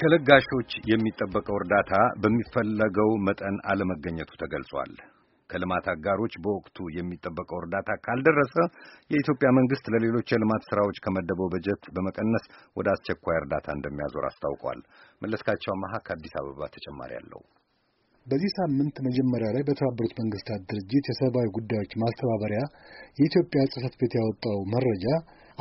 ከለጋሾች የሚጠበቀው እርዳታ በሚፈለገው መጠን አለመገኘቱ ተገልጿል። ከልማት አጋሮች በወቅቱ የሚጠበቀው እርዳታ ካልደረሰ የኢትዮጵያ መንግስት ለሌሎች የልማት ስራዎች ከመደበው በጀት በመቀነስ ወደ አስቸኳይ እርዳታ እንደሚያዞር አስታውቋል። መለስካቸው አመሃ ከአዲስ አበባ ተጨማሪ አለው። በዚህ ሳምንት መጀመሪያ ላይ በተባበሩት መንግስታት ድርጅት የሰብአዊ ጉዳዮች ማስተባበሪያ የኢትዮጵያ ጽህፈት ቤት ያወጣው መረጃ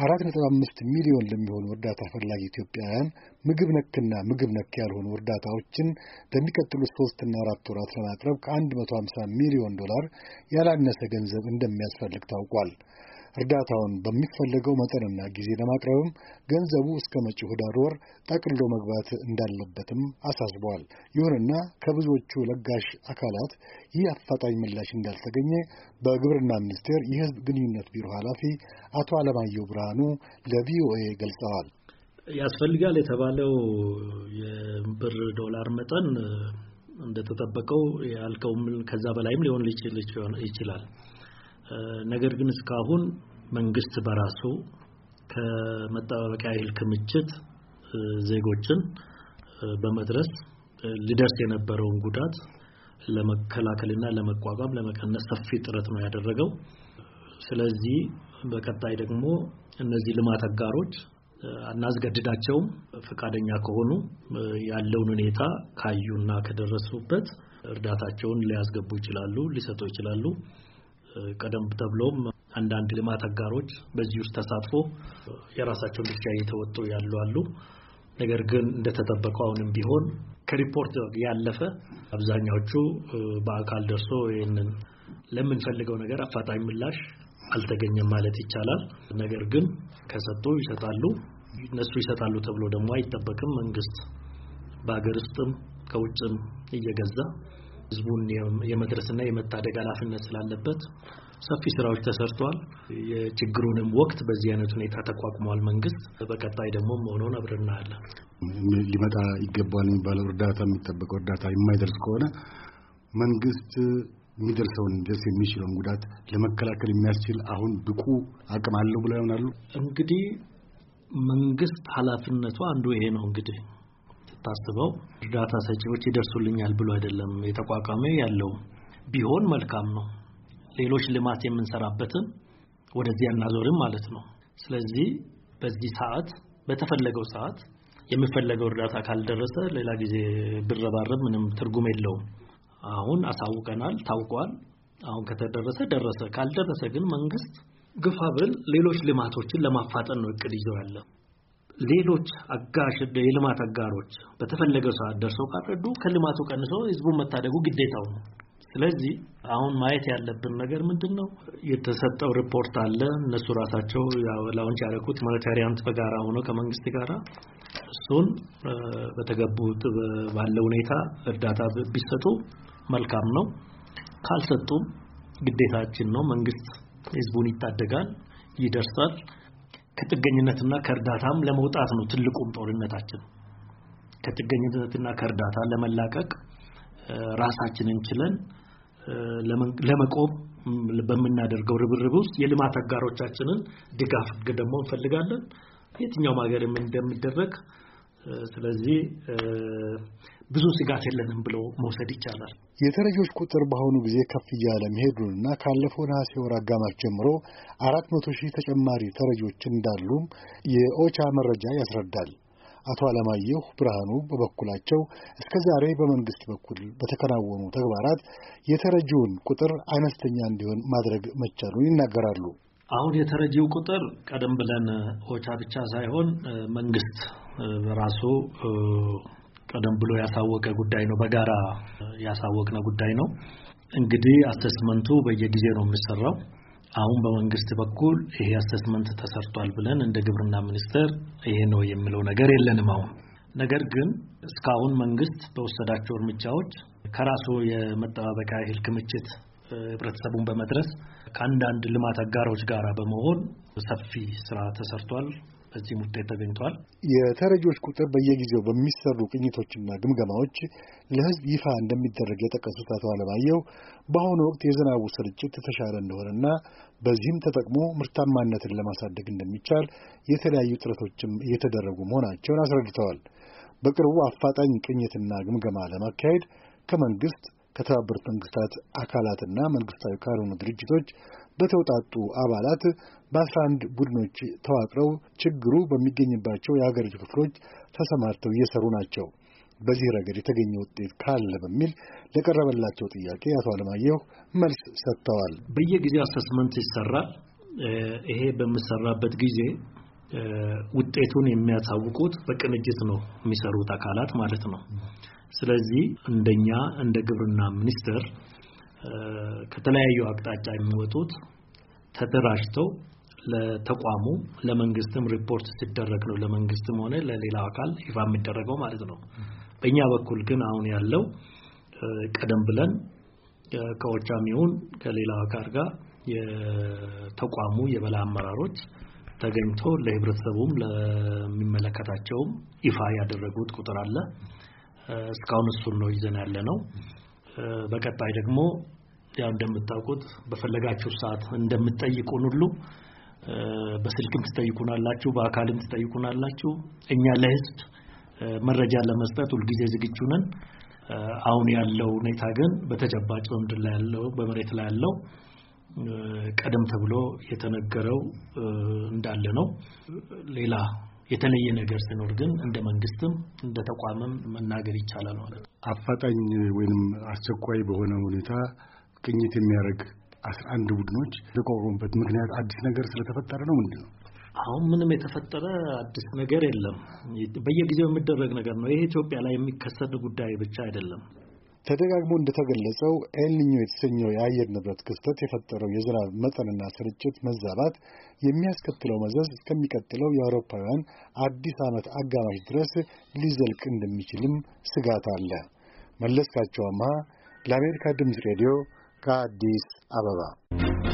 አራት ነጥብ አምስት ሚሊዮን ለሚሆኑ እርዳታ ፈላጊ ኢትዮጵያውያን ምግብ ነክና ምግብ ነክ ያልሆኑ እርዳታዎችን በሚቀጥሉት ሶስትና አራት ወራት ለማቅረብ ከአንድ መቶ ሀምሳ ሚሊዮን ዶላር ያላነሰ ገንዘብ እንደሚያስፈልግ ታውቋል። እርዳታውን በሚፈለገው መጠንና ጊዜ ለማቅረብም ገንዘቡ እስከ መጪው ህዳር ወር ጠቅልሎ መግባት እንዳለበትም አሳስበዋል። ይሁንና ከብዙዎቹ ለጋሽ አካላት ይህ አፋጣኝ ምላሽ እንዳልተገኘ በግብርና ሚኒስቴር የህዝብ ግንኙነት ቢሮ ኃላፊ አቶ አለማየሁ ብርሃኑ ለቪኦኤ ገልጸዋል። ያስፈልጋል የተባለው የብር ዶላር መጠን እንደተጠበቀው ያልከውም ከዛ በላይም ሊሆን ይችላል። ነገር ግን እስካሁን መንግስት በራሱ ከመጠባበቂያ እህል ክምችት ዜጎችን በመድረስ ሊደርስ የነበረውን ጉዳት ለመከላከልና ለመቋቋም ለመቀነስ ሰፊ ጥረት ነው ያደረገው። ስለዚህ በቀጣይ ደግሞ እነዚህ ልማት አጋሮች አናስገድዳቸውም። ፈቃደኛ ከሆኑ ያለውን ሁኔታ ካዩና ከደረሱበት እርዳታቸውን ሊያስገቡ ይችላሉ፣ ሊሰጡ ይችላሉ። ቀደም ተብሎም አንዳንድ ልማት አጋሮች በዚህ ውስጥ ተሳትፎ የራሳቸውን ድርሻ እየተወጡ ያሉ አሉ። ነገር ግን እንደተጠበቀው አሁንም ቢሆን ከሪፖርት ያለፈ አብዛኛዎቹ በአካል ደርሶ ይህንን ለምንፈልገው ነገር አፋጣኝ ምላሽ አልተገኘም ማለት ይቻላል። ነገር ግን ከሰጡ ይሰጣሉ፣ እነሱ ይሰጣሉ ተብሎ ደግሞ አይጠበቅም። መንግስት በሀገር ውስጥም ከውጭም እየገዛ ህዝቡን የመድረስና የመታደግ ኃላፊነት ስላለበት ሰፊ ስራዎች ተሰርተዋል። የችግሩንም ወቅት በዚህ አይነት ሁኔታ ተቋቁሟል መንግስት። በቀጣይ ደግሞ መሆኑን አብረን እናያለን። ሊመጣ ይገባል የሚባለው እርዳታ የሚጠበቀው እርዳታ የማይደርስ ከሆነ መንግስት የሚደርሰውን ደስ የሚችለውን ጉዳት ለመከላከል የሚያስችል አሁን ብቁ አቅም አለው ብለው ይሆናሉ። እንግዲህ መንግስት ኃላፊነቱ አንዱ ይሄ ነው እንግዲህ ታስበው እርዳታ ሰጪዎች ይደርሱልኛል ብሎ አይደለም የተቋቋመ ያለው ቢሆን መልካም ነው። ሌሎች ልማት የምንሰራበትን ወደዚህ አናዞርም ማለት ነው። ስለዚህ በዚህ ሰዓት በተፈለገው ሰዓት የሚፈለገው እርዳታ ካልደረሰ ሌላ ጊዜ ብረባረብ ምንም ትርጉም የለውም። አሁን አሳውቀናል፣ ታውቋል። አሁን ከተደረሰ ደረሰ፣ ካልደረሰ ግን መንግስት ግፋ ብል ሌሎች ልማቶችን ለማፋጠን ነው እቅድ ይዘው ያለ ሌሎች አጋሽ የልማት አጋሮች በተፈለገው ሰዓት ደርሰው ካልረዱ ከልማቱ ቀንሰው ህዝቡን መታደጉ ግዴታው ነው። ስለዚህ አሁን ማየት ያለብን ነገር ምንድን ነው? የተሰጠው ሪፖርት አለ። እነሱ ራሳቸው ላውንች ያደረኩት ሞኔታሪያንት በጋራ ሆኖ ከመንግስት ጋራ እሱን በተገቡት ባለ ሁኔታ እርዳታ ቢሰጡ መልካም ነው። ካልሰጡም ግዴታችን ነው። መንግስት ህዝቡን ይታደጋል፣ ይደርሳል። ከጥገኝነትና ከእርዳታም ለመውጣት ነው ትልቁም ጦርነታችን። ከጥገኝነትና ከእርዳታ ለመላቀቅ ራሳችንን ችለን ለመቆም በምናደርገው ርብርብ ውስጥ የልማት አጋሮቻችንን ድጋፍ ደግሞ እንፈልጋለን። የትኛውም ሀገርም እንደሚደረግ ስለዚህ ብዙ ስጋት የለንም ብሎ መውሰድ ይቻላል። የተረጂዎች ቁጥር በአሁኑ ጊዜ ከፍ እያለ መሄዱንና ካለፈው ነሐሴ ወር አጋማሽ ጀምሮ አራት መቶ ሺህ ተጨማሪ ተረጂዎች እንዳሉም የኦቻ መረጃ ያስረዳል። አቶ አለማየሁ ብርሃኑ በበኩላቸው እስከ ዛሬ በመንግስት በኩል በተከናወኑ ተግባራት የተረጂውን ቁጥር አነስተኛ እንዲሆን ማድረግ መቻሉን ይናገራሉ። አሁን የተረጂው ቁጥር ቀደም ብለን ኦቻ ብቻ ሳይሆን መንግስት በራሱ ቀደም ብሎ ያሳወቀ ጉዳይ ነው። በጋራ ያሳወቅነ ጉዳይ ነው። እንግዲህ አሰስመንቱ በየጊዜው ነው የሚሰራው። አሁን በመንግስት በኩል ይሄ አሰስመንት ተሰርቷል ብለን እንደ ግብርና ሚኒስቴር ይሄ ነው የሚለው ነገር የለንም። አሁን ነገር ግን እስካሁን መንግስት በወሰዳቸው እርምጃዎች ከራሱ የመጠባበቂያ እህል ክምችት ህብረተሰቡን በመድረስ ከአንዳንድ ልማት አጋሮች ጋር በመሆን ሰፊ ስራ ተሰርቷል። በዚህም ውጤት ተገኝቷል። የተረጂዎች ቁጥር በየጊዜው በሚሰሩ ቅኝቶችና ግምገማዎች ለህዝብ ይፋ እንደሚደረግ የጠቀሱት አቶ አለማየሁ በአሁኑ ወቅት የዝናቡ ስርጭት የተሻለ እንደሆነና በዚህም ተጠቅሞ ምርታማነትን ለማሳደግ እንደሚቻል የተለያዩ ጥረቶችም እየተደረጉ መሆናቸውን አስረድተዋል። በቅርቡ አፋጣኝ ቅኝትና ግምገማ ለማካሄድ ከመንግስት ከተባበሩት መንግስታት አካላትና መንግስታዊ ካልሆኑ ድርጅቶች በተውጣጡ አባላት በአስራ አንድ ቡድኖች ተዋቅረው ችግሩ በሚገኝባቸው የሀገሪቱ ክፍሎች ተሰማርተው እየሰሩ ናቸው። በዚህ ረገድ የተገኘ ውጤት ካለ በሚል ለቀረበላቸው ጥያቄ አቶ አለማየሁ መልስ ሰጥተዋል። በየጊዜው አሰስመንት ይሰራል። ይሄ በምሰራበት ጊዜ ውጤቱን የሚያሳውቁት በቅንጅት ነው የሚሰሩት አካላት ማለት ነው። ስለዚህ እንደኛ እንደ ግብርና ሚኒስቴር ከተለያዩ አቅጣጫ የሚወጡት ተደራጅተው ለተቋሙ ለመንግስትም ሪፖርት ሲደረግ ነው ለመንግስትም ሆነ ለሌላ አካል ይፋ የሚደረገው ማለት ነው። በእኛ በኩል ግን አሁን ያለው ቀደም ብለን ከወጫም ይሁን ከሌላ አካል ጋር የተቋሙ የበላይ አመራሮች ተገኝቶ ለህብረተሰቡም ለሚመለከታቸውም ይፋ ያደረጉት ቁጥር አለ። እስካሁን እሱን ነው ይዘን ያለ ነው። በቀጣይ ደግሞ ያው እንደምታውቁት በፈለጋችሁ ሰዓት እንደምትጠይቁን ሁሉ በስልክም ትጠይቁናላችሁ፣ በአካልም ትጠይቁናላችሁ። እኛ ለህዝብ መረጃ ለመስጠት ሁልጊዜ ዝግጁ ነን። አሁን ያለው ሁኔታ ግን በተጨባጭ በምድር ላይ ያለው በመሬት ላይ ያለው ቀደም ተብሎ የተነገረው እንዳለ ነው። ሌላ የተለየ ነገር ሲኖር ግን እንደ መንግስትም እንደ ተቋምም መናገር ይቻላል ማለት ነው። አፋጣኝ ወይም አስቸኳይ በሆነ ሁኔታ ቅኝት የሚያደርግ አስራ አንድ ቡድኖች የተቋቋሙበት ምክንያት አዲስ ነገር ስለተፈጠረ ነው። ምንድን ነው? አሁን ምንም የተፈጠረ አዲስ ነገር የለም። በየጊዜው የሚደረግ ነገር ነው። ይሄ ኢትዮጵያ ላይ የሚከሰት ጉዳይ ብቻ አይደለም። ተደጋግሞ እንደተገለጸው ኤልኒኞ የተሰኘው የአየር ንብረት ክስተት የፈጠረው የዝናብ መጠንና ስርጭት መዛባት የሚያስከትለው መዘዝ እስከሚቀጥለው የአውሮፓውያን አዲስ ዓመት አጋማሽ ድረስ ሊዘልቅ እንደሚችልም ስጋት አለ። መለስካቸው አምሃ ለአሜሪካ ድምፅ ሬዲዮ ከአዲስ አበባ